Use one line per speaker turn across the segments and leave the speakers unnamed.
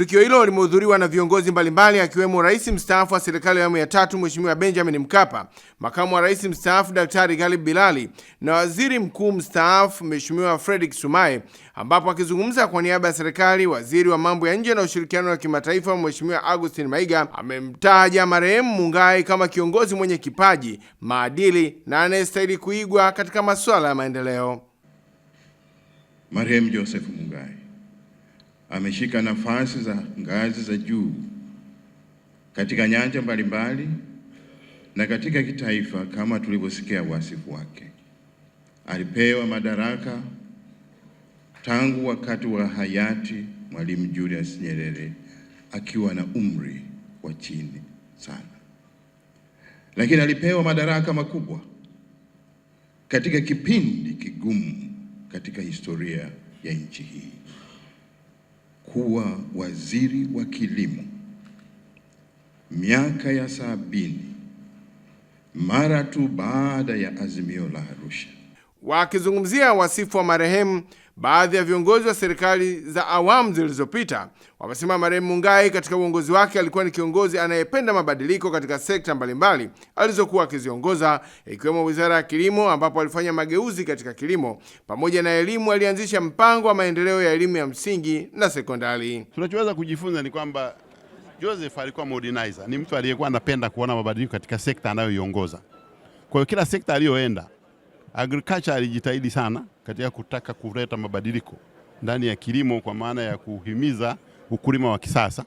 Tukio hilo limehudhuriwa na viongozi mbalimbali akiwemo rais mstaafu wa serikali ya awamu ya tatu Mheshimiwa Benjamin Mkapa, makamu wa rais mstaafu Daktari Galib Bilali na waziri mkuu mstaafu Mheshimiwa Fredrick Sumaye, ambapo akizungumza kwa niaba ya serikali, waziri wa mambo ya nje na ushirikiano wa kimataifa Mheshimiwa augustin Maiga amemtaja marehemu Mungai kama kiongozi mwenye kipaji, maadili na anayestahili kuigwa katika masuala ya maendeleo.
Marehemu Joseph Mungai ameshika nafasi za ngazi za juu katika nyanja mbalimbali na katika kitaifa. Kama tulivyosikia wasifu wake, alipewa madaraka tangu wakati wa hayati Mwalimu Julius Nyerere akiwa na umri wa chini sana, lakini alipewa madaraka makubwa katika kipindi kigumu katika historia ya nchi hii kuwa waziri wa kilimo miaka ya sabini mara tu baada ya azimio la Arusha.
Wakizungumzia wasifu wa marehemu Baadhi ya viongozi wa serikali za awamu zilizopita wamesema marehemu Mungai katika uongozi wake alikuwa ni kiongozi anayependa mabadiliko katika sekta mbalimbali alizokuwa akiziongoza, ikiwemo wizara ya kilimo, ambapo alifanya mageuzi katika kilimo. Pamoja na elimu, alianzisha mpango wa maendeleo ya elimu ya msingi na sekondari.
Tunachoweza kujifunza ni kwamba Joseph alikuwa modernizer, ni mtu aliyekuwa anapenda kuona mabadiliko katika sekta anayoiongoza. Kwa hiyo kila sekta aliyoenda, agriculture alijitahidi sana katika kutaka kuleta mabadiliko ndani ya kilimo kwa maana ya kuhimiza ukulima wa kisasa,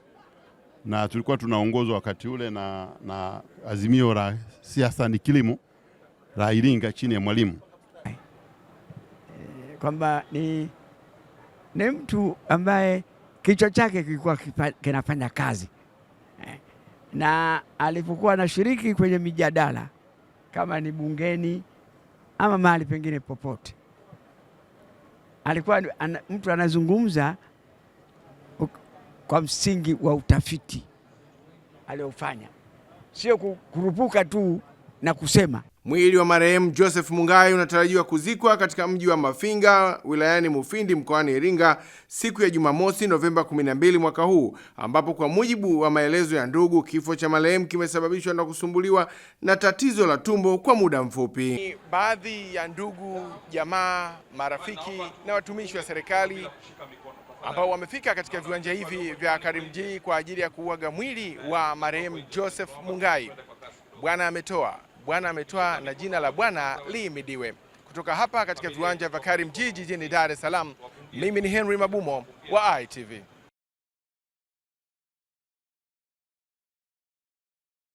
na tulikuwa tunaongozwa wakati ule na, na azimio la siasa ni kilimo la Iringa chini ya Mwalimu, eh,
kwamba ni, ni mtu ambaye kichwa chake kilikuwa kinafanya kazi eh, na alipokuwa anashiriki kwenye mijadala kama ni bungeni ama mahali pengine popote alikuwa ana, mtu anazungumza kwa msingi wa utafiti aliofanya, sio kurupuka tu na kusema.
Mwili wa marehemu Joseph Mungai unatarajiwa kuzikwa katika mji wa Mafinga wilayani Mufindi mkoani Iringa siku ya Jumamosi Novemba 12 mwaka huu, ambapo kwa mujibu wa maelezo ya ndugu, kifo cha marehemu kimesababishwa na kusumbuliwa na tatizo la tumbo kwa muda mfupi. Baadhi ya ndugu, jamaa, marafiki na watumishi wa serikali ambao wamefika katika viwanja hivi vya Karimjee kwa ajili ya kuuaga mwili wa marehemu Joseph Mungai, Bwana ametoa Bwana ametoa na jina la Bwana liimidiwe. Kutoka hapa katika viwanja vya Karimjee jijini Dar es Salaam, mimi ni Henry Mabumo wa ITV.